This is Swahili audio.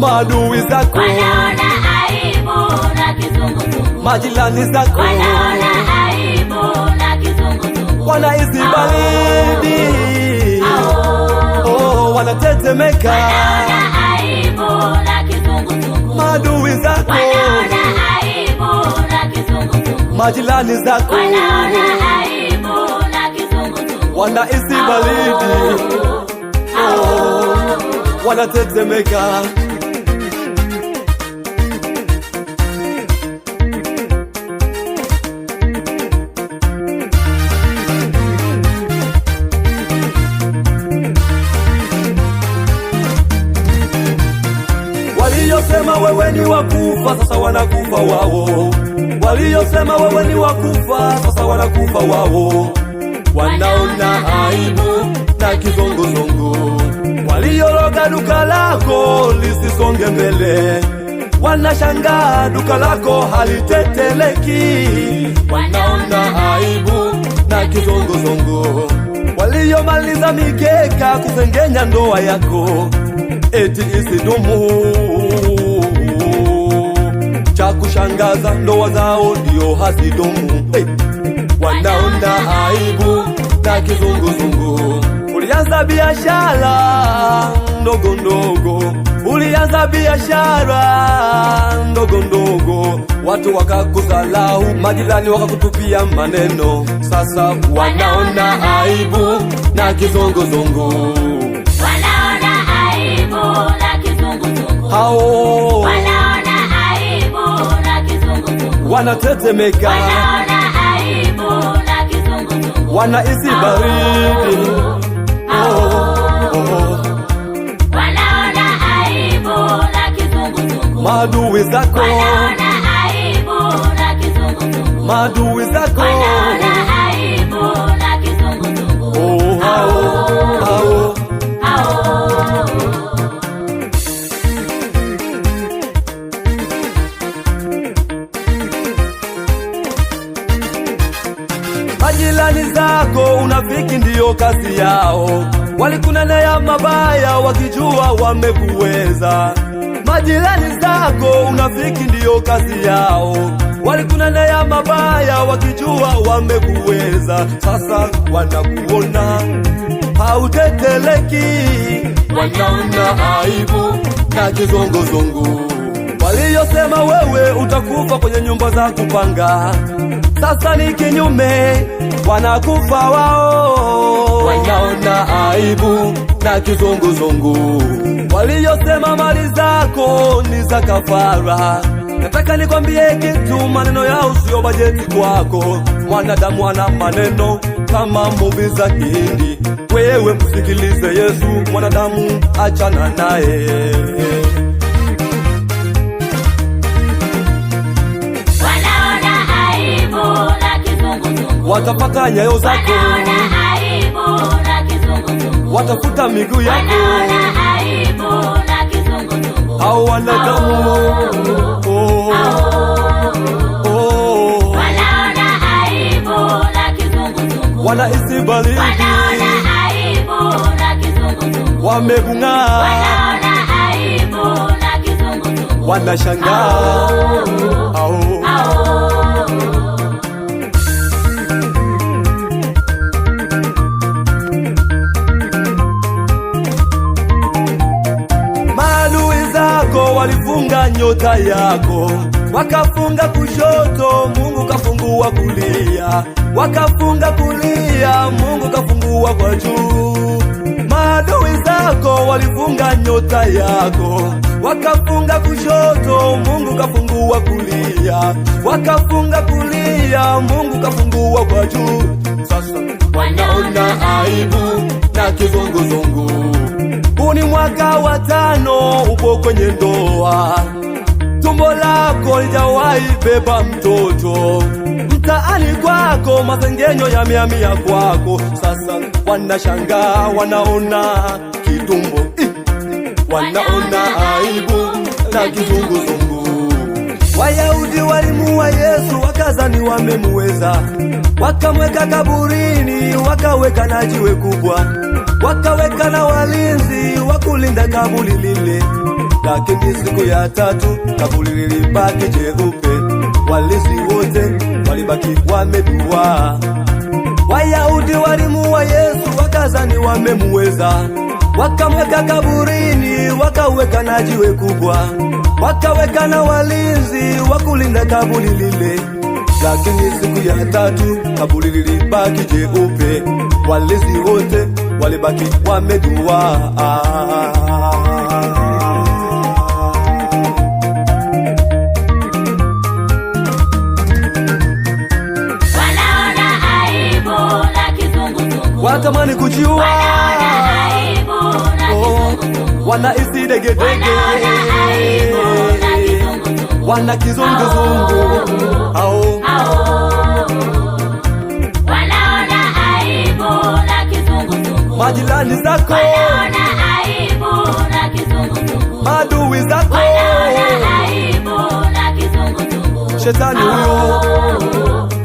maadui zako wanaona aibu majirani zako wanaona baridi oh, wanatetemeka maadui zako majirani zako wanaona aibu na kizunguzungu, wanaizi oh, wanatetemeka wewe ni wakufa, sasa wanakufa wao. Waliosema wewe ni wakufa, sasa wanakufa wao. Wanaona aibu na kizunguzungu, walioroga duka lako lisisonge mbele, wanashangaa duka lako haliteteleki. Wanaona aibu na kizunguzungu, waliomaliza mikeka kusengenya ndoa yako eti isidumu kushangaza, ndoa zao ndio hazidumu. Hey, wanaona aibu na kizunguzungu. Ulianza biashara ndogo ndogo, ulianza biashara ndogo ndogo, watu wakakuzalau, majirani wakakutupia maneno. Sasa wanaona aibu na kizunguzungu, wanaona aibu na kizunguzungu wanatetemeka, wanaona aibu baridi maadui zako, maadui zako zako unafiki ndiyo kazi yao, walikunenea mabaya wakijua wamekuweza. Majirani zako unafiki ndiyo kazi yao, walikunenea mabaya wakijua wamekuweza. Sasa wanakuona hauteteleki, wanaona aibu na kizunguzungu, waliyosema wewe utakufa kwenye nyumba za kupanga sasa ni kinyume, wanakufa wao, wanaona aibu na kizunguzungu, waliyosema mali zako ni za kafara. Nataka nikwambie kitu, maneno yao sio bajeti kwako. Mwanadamu ana maneno kama muvi za Kihindi. Wewe msikilize Yesu, mwanadamu achana naye. watapata nyayo zako, watafuta miguu yako, hao wanadamu oh. oh. wanahisi baridi, wamebung'aa, wanashangaa nyota yako, wakafunga kushoto, Mungu kafungua kulia, wakafunga kulia, Mungu kafungua kwa juu. Maadui zako walifunga nyota yako, wakafunga kushoto, Mungu kafungua kulia, wakafunga kulia, Mungu kafungua kwa juu. Sasa wanaona aibu na kizunguzungu huu ni mwaka wa tano, upo kwenye ndoa, tumbo lako lijawahi beba mtoto. Mtaani kwako masengenyo yamehamia kwako, sasa wanashangaa, wanaona kitumbo, wanaona aibu na kizunguzungu Wayahudi Yesu wakazani wamemuweza, wakamweka kaburini, wakaweka na jiwe kubwa, wakaweka na walinzi wa kulinda kaburi lile. Lakini siku ya tatu kaburi lilibaki jeupe, walinzi wote walibaki wamedua. Wayahudi walimuua Yesu, wakazani wamemuweza, wakamweka kaburini, wakaweka na jiwe kubwa wakaweka na walinzi wa kulinda kaburi lile, lakini siku ya tatu kaburi lilibaki jeupe, walinzi wote walibaki wamedua. Watamani kujiua, wana isi degedege wana kizunguzungu au wanaona zako wanaona zako wanaona aibu na kizunguzungu, shetani huyo